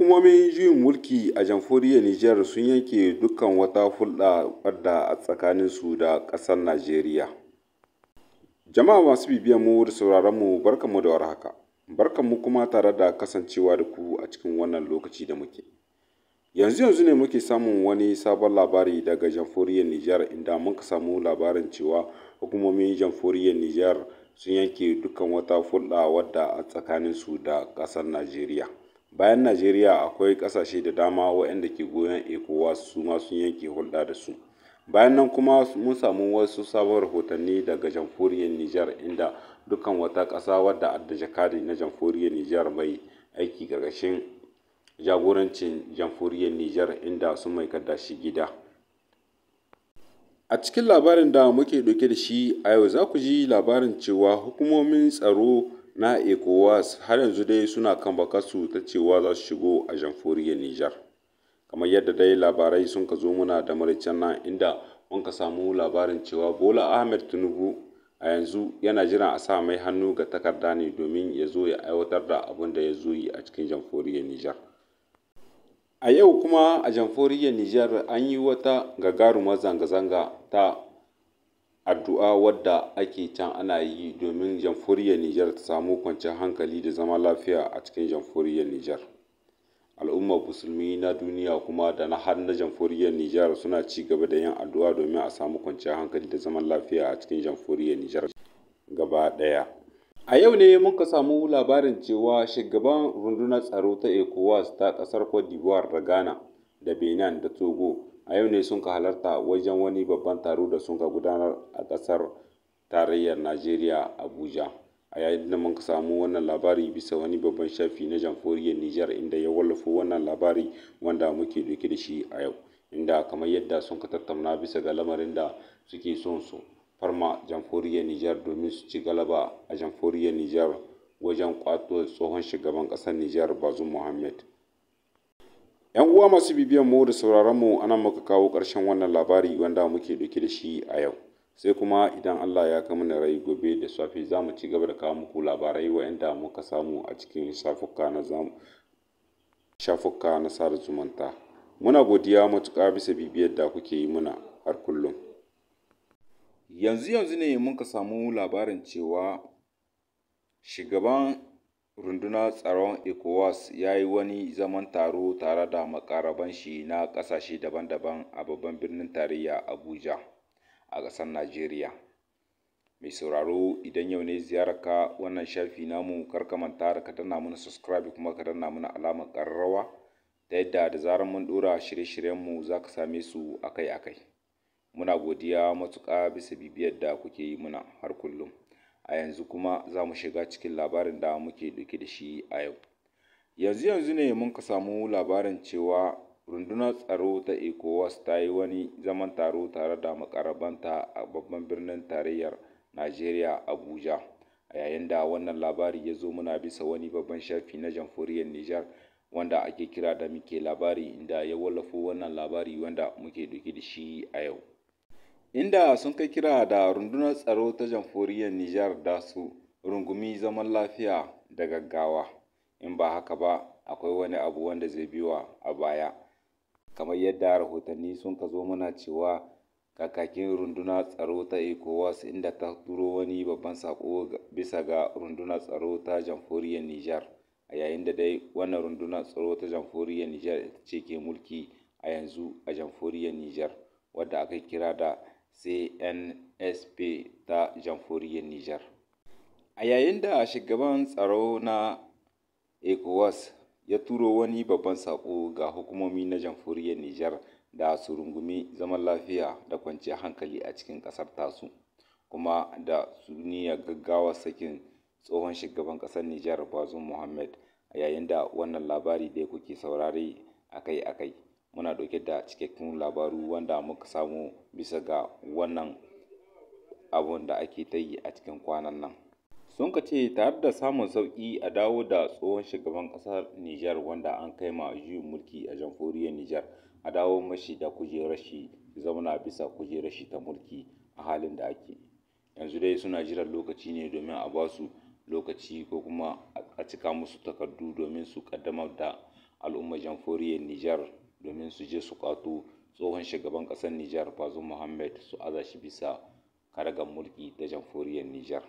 Hukumomin juyin mulki a jamhuriyar Nijar sun yanke dukkan wata hulɗa wadda a su da ƙasar Najeriya. Jama'a masu bibiyan mu da sauraron mu barkanmu da warhaka. Barkanmu kuma tare da kasancewa da ku a cikin wannan lokaci da muke. Yanzu yanzu ne muke samun wani sabon labari daga jamhuriyar Nijar inda muka samu labarin cewa hukumomin jamhuriyar Nijar sun yanke dukkan wata hulɗa wadda a su da ƙasar Najeriya. bayan najeriya akwai ƙasashe da dama waɗanda ke goyon ecowas su ma sun yanke hulɗa da su bayan nan kuma mun samu wasu sabon rahotanni daga jamhuriyar nijar inda dukkan wata ƙasa wadda adda jakadi na jamhuriyar niger mai aiki ƙarƙashin jagorancin jamhuriyar niger inda sun mai kada shi gida a cikin labarin da muke ɗauke da shi a yau za ku ji labarin cewa hukumomin tsaro na ECOWAS har yanzu dai suna kan bakarsu ta cewa za su shigo a jamhuriyar Nijar. Kamar yadda dai labarai sun ka zo muna da maraicen nan inda mun ka samu labarin cewa Bola Ahmed Tinubu a yanzu yana jiran a sa mai hannu ga takarda ne domin ya zo ya aiwatar da abin da ya zo yi a cikin jamhuriyar Nijar. A yau kuma a jamhuriyar Nijar an yi wata gagarumar zanga-zanga ta addu'a wadda ake can ana yi domin jamhuriyar Nijar ta samu kwanciyar hankali da zama lafiya a cikin jamhuriyar Nijar. Al'ummar musulmi na duniya kuma da na har na jamhuriyar Nijar suna ci gaba da yin addu'a domin a samu kwanciyar hankali da zaman lafiya a cikin jamhuriyar Nijar gaba ɗaya. A yau ne muka samu labarin cewa shugaban rundunar tsaro ta ECOWAS ta ƙasar Cote da Ghana da Benin da Togo a yau ne sun ka halarta wajen wani babban taro da sun ka gudanar a ƙasar tarayyar najeriya abuja a yayin da muka samu wannan labari bisa wani babban shafi na jamhuriyar nijar inda ya wallafa wannan labari wanda muke ɗauke da shi a yau inda kamar yadda sun ka tattauna bisa ga lamarin da suke son su farma jamhuriyar nijar domin su ci galaba a jamhuriyar nijar wajen ƙwato tsohon shugaban ƙasar nijar bazum muhammed. 'Yan uwa masu bibiyan mu da sauraron mu ana muka kawo ƙarshen wannan labari wanda muke ɗauke da shi a yau. Sai kuma idan Allah ya kama na rai gobe da safe za mu ci gaba da kawo muku labarai waɗanda muka samu a cikin shafuka na shafuka sada zumunta. Muna godiya matuƙa bisa bibiyar da kuke yi muna har kullum. Yanzu yanzu ne muka samu labarin cewa shugaban Rundunar Tsaron ECOWAS ya yi wani zaman taro tare da makaraban shi na kasashe daban-daban a babban birnin tarayya Abuja a ƙasar Najeriya. Mai sauraro idan yau ne ziyararka wannan shafi namu karka manta da ka danna mana subscribe kuma ka danna mana alamar ƙararrawa ta yadda da zarar mun ɗora shirye-shiryenmu za ka same su akai-akai. Muna godiya matuƙa bisa bibiyar da kuke yi mana har kullum. a yanzu kuma za mu shiga cikin labarin da muke ɗauke da shi a yau yanzu yanzu ne mun ka samu labarin cewa rundunar tsaro ta ecowas ta yi wani zaman taro tare da makarabanta a babban birnin tarayyar najeriya abuja a yayin da wannan labari ya zo muna bisa wani babban shafi na jamhuriyar nijar wanda ake kira da muke labari inda ya wallafo wannan labari wanda muke ɗauke da shi a yau inda sun kai kira da rundunar tsaro ta jamhuriyar Nijar da su rungumi zaman lafiya da gaggawa in ba haka ba akwai wani abu wanda zai biwa a baya kamar yadda rahotanni sun ka zo mana cewa kakakin runduna tsaro ta ECOWAS inda ta turo wani babban sako bisa ga runduna tsaro ta jamhuriyar Nijar a yayin da dai wannan runduna tsaro ta jamhuriyar Nijar ce ke mulki a yanzu a jamhuriyar Nijar wadda aka kira da CNSP ta jamhuriyar Nijar. A yayin da shugaban tsaro na ECOWAS ya turo wani babban saƙo ga hukumomi na jamhuriyar Nijar da su rungumi zaman lafiya da kwanciyar hankali a cikin ƙasar tasu, kuma da su niyyar gaggawa sakin tsohon shugaban ƙasar Nijar Bazoum Mohamed a yayin da wannan labari ya kuke saurare akai-akai. muna ɗauke da cikakkun labaru wanda muka samu bisa ga wannan abun da ake ta yi a cikin kwanan nan. Sun ka ce tare da samun sauƙi a dawo da tsohon shugaban ƙasar Nijar wanda an kai ma juyin mulki a jamhuriyar Nijar a dawo mashi da kujerar shi zauna bisa kujerar shi ta mulki a halin da ake. Yanzu dai suna jiran lokaci ne domin a ba su lokaci ko kuma a cika musu takardu domin su kaddamar da al'ummar jamhuriyar Nijar domin su je su kwato tsohon shugaban ƙasar Nijar Bazoum Mohammed su aza shi bisa karagar mulki ta jamhuriyar Nijar.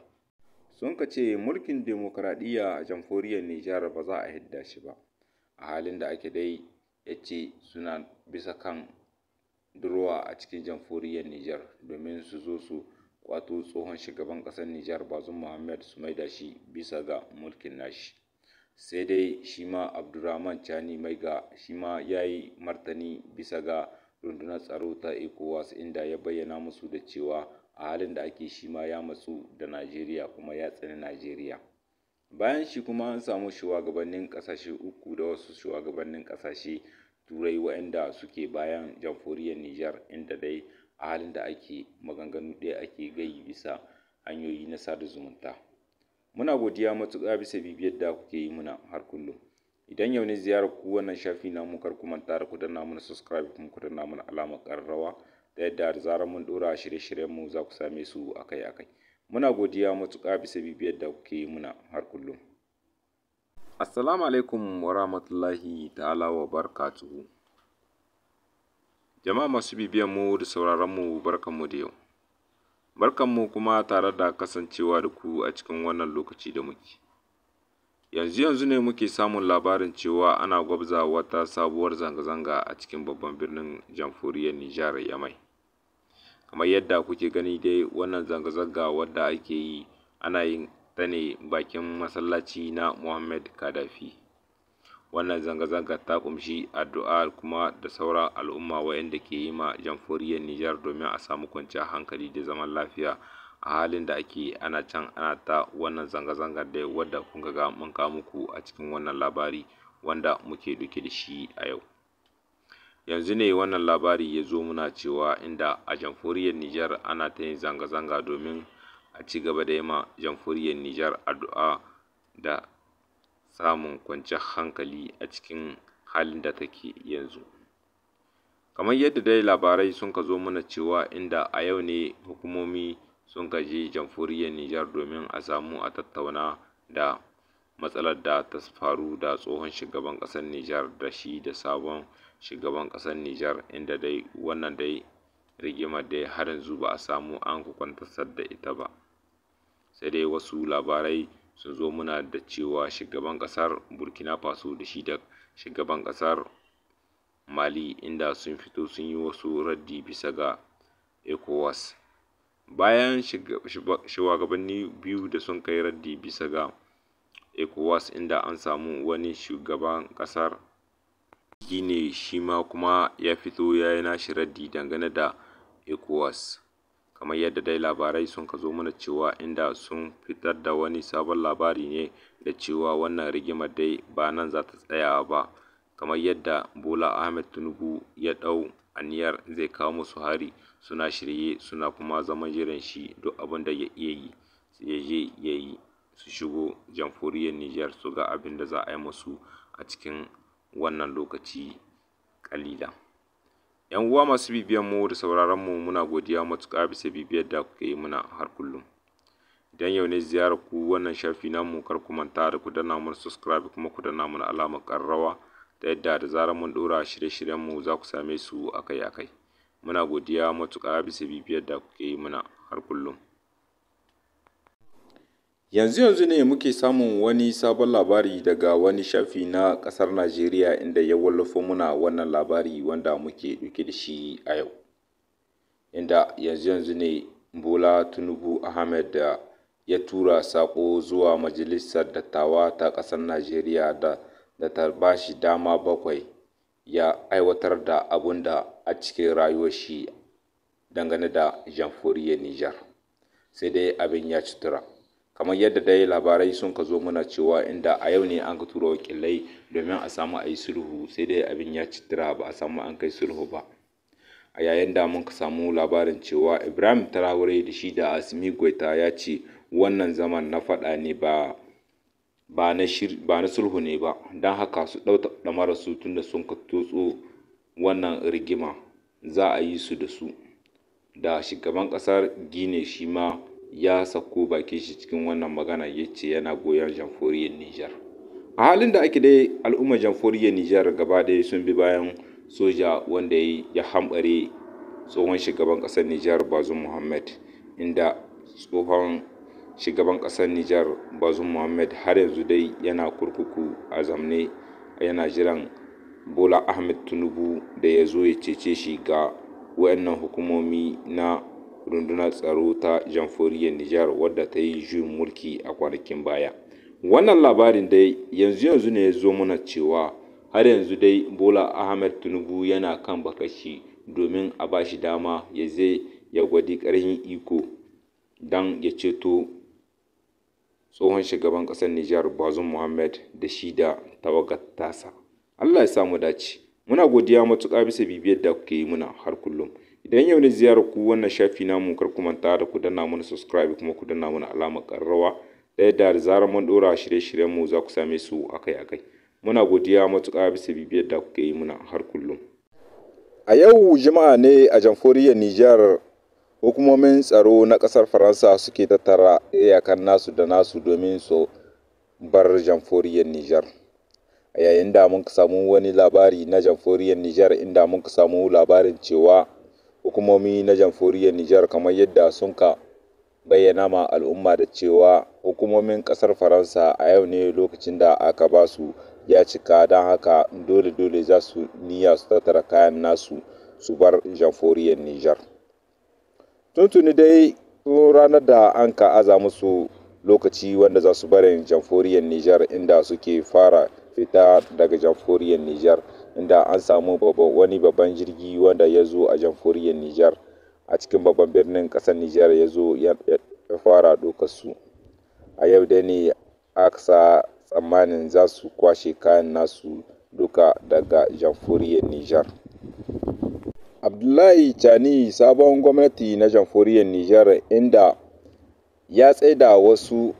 Sun ka ce mulkin demokuraɗiyya a jamhuriyar Nijar ba za a hidda shi ba, a halin da ake dai ya ce suna bisa kan durowa a cikin jamhuriyar Nijar domin su zo su kwato tsohon shugaban ƙasar Nijar Bazoum Mohammed su maida shi bisa ga mulkin nashi. sai dai shi ma abdurrahman chani maiga shi ma ya yi martani bisa ga rundunar tsaro ta ecowas inda ya bayyana musu da cewa a halin da ake shi ma ya matsu da najeriya kuma ya tsani najeriya bayan shi kuma an samu shugabannin kasashe uku da wasu shugabannin kasashe turai waɗanda suke bayan jamhuriyar niger inda dai a halin da ake maganganu ɗaya ake gayi bisa hanyoyi na sada zumunta Muna godiya matuƙa bisa bibiyar da kuke yi muna har kullum. Idan yau ne ziyarar ku wannan shafi mu kar kuma manta da ku danna mana subscribe kuma ku danna mana alamar ƙararrawa da yadda da zarar mun ɗora shirye mu za ku same su akai-akai. Muna godiya matuƙa bisa bibiyar da kuke yi muna har kullum. Assalamu alaikum wa rahmatullahi ta'ala wa barakatuhu. Jama'a masu bibiyar mu da sauraron mu barkan mu da yau. Barkanmu kuma tare da kasancewa da ku a cikin wannan lokaci da muke. Yanzu yanzu ne muke samun labarin cewa ana gwabza wata sabuwar zanga-zanga a cikin babban birnin jamhuriyar Nijar Yamai. Kamar yadda kuke gani dai wannan zanga-zanga wadda ake yi ana yin ta ne bakin masallaci na Muhammad Kadafi wannan zanga-zanga ta kumshi addu'a kuma da sauran al'umma wayanda ke yi ma jamhuriyar Nijar domin a samu kwanciyar hankali da zaman lafiya a halin da ake ana can ana ta wannan zanga-zanga dai wadda kun ga mun kawo muku a cikin wannan labari wanda muke ɗauke da shi a yau yanzu ne wannan labari ya zo muna cewa inda a jamhuriyar Nijar ana ta yin zanga-zanga domin a ci gaba da yi ma jamhuriyar Nijar addu'a da samun kwanciyar hankali a cikin halin da take yanzu. Kamar yadda dai labarai sun ka zo mana cewa inda a yau ne hukumomi sun ka je jamhuriyar Nijar domin a samu a tattauna da matsalar da ta faru da tsohon shugaban ƙasar Nijar da shi da sabon shugaban ƙasar Nijar inda dai wannan dai rigimar dai har yanzu ba a samu an kwantasar da ita ba. Sai dai wasu labarai sun zo muna da cewa shugaban kasar burkina faso da shi da shugaban kasar mali inda sun fito sun yi wasu raddi bisa ga ecowas bayan shugabanni biyu da sun kai raddi bisa ga ecowas inda an samu wani shugaban kasar shine shi ma kuma ya fito ya yi nashi raddi dangane da ecowas kamar yadda dai labarai sun ka zo mana cewa inda sun fitar da wani sabon labari ne da cewa wannan rigimar dai ba nan za ta tsaya ba kamar yadda bola ahmed tinubu ya ɗau aniyar zai kawo musu hari suna shirye suna kuma zaman jiran shi duk abin da ya iya yi ya je ya yi su shigo jamhuriyar niger su ga abin da za a yi musu a cikin wannan lokaci kalilan. 'yan uwa masu bibiyan mu da sauraron mu muna godiya matuƙa bisa bibiyar da kuke yi muna har kullum idan yau ne ziyarar ku wannan shafi mu kar ku manta da ku danna mu subscribe kuma ku danna mu alamar ƙararrawa ta yadda da zarar mun ɗora shirye-shiryen mu za ku same su akai-akai muna godiya matuƙa bisa bibiyar da kuke yi muna har kullum Yanzu-yanzu ne muke samun wani sabon labari daga wani shafi na ƙasar Najeriya inda ya wallafa muna wannan labari wanda muke ɗauke da shi a yau. Inda yanzu-yanzu ne Bola Tinubu Ahmed da ya tura saƙo zuwa Majalisar Dattawa ta ƙasar Najeriya da da ta bashi dama bakwai ya aiwatar da abun da a cikin rayuwar shi dangane da jamhuriyar Nijar. Sai dai abin ya cutura. kamar yadda dai labarai sun ka zo muna cewa inda a yau ne an ka tura wakilai domin a samu a yi sulhu sai dai abin ya citira ba a samu an kai sulhu ba a yayin da mun ka samu labarin cewa ibrahim traore da shi da asimi goita ya ce wannan zaman na faɗa ne ba ba na sulhu ne ba don haka su ɗau ɗamara su tunda sun ka tutsu wannan rigima za a yi su da su da shugaban ƙasar gine shi ma ya sako bakin shi cikin wannan magana ya ce yana goyon jamhuriyar Nijar. A halin da ake dai al'ummar jamhuriyar Nijar gaba ɗaya sun bi bayan soja wanda ya hambare tsohon shugaban ƙasar Nijar Bazum Muhammad inda tsohon shugaban ƙasar Nijar Bazum Muhammad har yanzu dai yana kurkuku a zamne yana jiran Bola Ahmed Tinubu da ya zo ya cece shi ga wayannan hukumomi na rundunar tsaro ta jamhuriyar Nijar wadda ta yi juyin mulki a kwanakin baya. Wannan labarin dai yanzu yanzu ne ya zo mana cewa har yanzu dai Bola Ahmed Tinubu yana kan bakashi domin a ba shi dama ya zai ya gwadi karhin iko don ya ceto tsohon shugaban ƙasar Nijar Bazum muhammad da shi da tawagar tasa. Allah ya samu dace. Muna godiya matuƙa bisa bibiyar da kuke yi muna har kullum. idan yau ne ziyarar ku wannan shafi namu kar ku manta da ku danna mana subscribe kuma ku danna mana alamar karrawa da yadda da zarar mun dora shirye-shiryen mu za ku same su akai-akai muna godiya matuƙa bisa bibiyar da kuke yi muna har kullum a yau juma'a ne a jamhuriyar nijar hukumomin tsaro na kasar faransa suke tattara iyakan nasu da nasu domin su bar jamhuriyar nijar a yayin da mun samu wani labari na jamhuriyar nijar inda mun samu labarin cewa hukumomi na jamhuriyar Nijar kamar yadda sun ka bayyana ma al'umma da cewa hukumomin ƙasar Faransa a yau ne lokacin da aka ba su ya cika don haka dole dole za su niyya su tattara kayan nasu su bar jamhuriyar Nijar. Tuntuni dai ranar da an ka aza musu lokaci wanda za su barin jamhuriyar Nijar inda suke fara fita daga jamhuriyar Nijar. inda an samu wani babban jirgi wanda ya zo a jamhuriyar Nijar a cikin babban birnin ƙasar Nijar ya zo ya fara dokar su. A yau dai ne aka tsammanin za su kwashe kayan nasu duka daga jamhuriyar Nijar. Abdullahi Chani sabon gwamnati na jamhuriyar Nijar inda ya tsaida wasu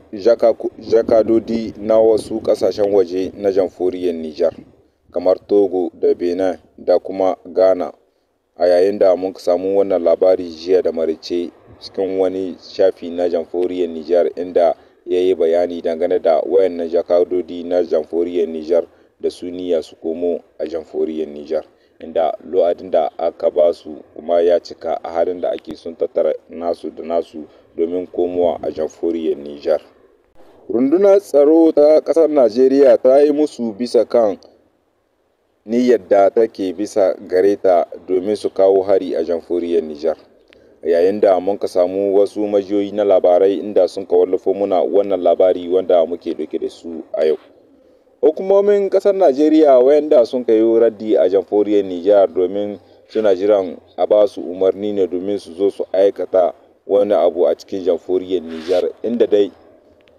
jakadodi na wasu kasashen waje na jamhuriyar Nijar. kamar Togo da Benin da kuma Ghana, a yayin da muka samu wannan labari jiya da marice cikin wani shafi na Jamhuriyar Nijar inda ya yi bayani dangane da wayannan jakadodi na Jamhuriyar Nijar da su su komo a Jamhuriyar Nijar. inda lo'adin da aka ba su kuma ya cika a halin da ake sun tattara nasu da nasu domin komowa a jamhuriyar Nijar. Rundunar tsaro ta ƙasar Najeriya ta yi musu bisa kan niyyar da take bisa gare ta domin su kawo hari a jamhuriyar Nijar. Yayin da mun ka samu wasu majiyoyi na labarai inda sun ka wallafo muna wannan labari wanda muke dauke da su a yau. Hukumomin ƙasar Najeriya wayanda sun ka yi raddi a jamhuriyar Nijar domin suna jiran a ba su umarni ne domin su zo su aikata wani abu a cikin jamhuriyar Nijar inda dai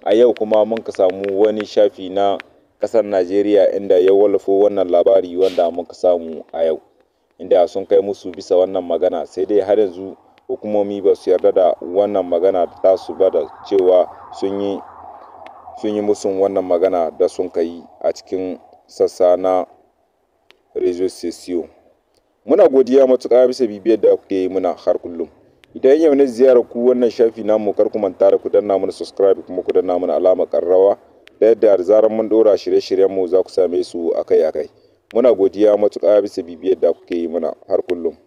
a yau kuma mun ka samu wani shafi na kasar Najeriya inda ya wallafo wannan labari wanda muka samu a yau inda sun kai musu bisa wannan magana sai dai har yanzu hukumomi ba su yarda da wannan magana ta su ba da cewa sun yi musu wannan magana da sun kai a cikin sassa na Rezo Muna godiya matuƙa bisa bibiyar da kuke yi muna har kullum. idan yau ne ziyarar ku wannan shafi namu kar ku manta da ku danna mana subscribe kuma ku danna mana alamar karrawa da yadda da zarar mun dora shirye shiryen mu za ku same su akai-akai. Muna godiya matuƙa bisa bibiyar da kuke yi mana har kullum.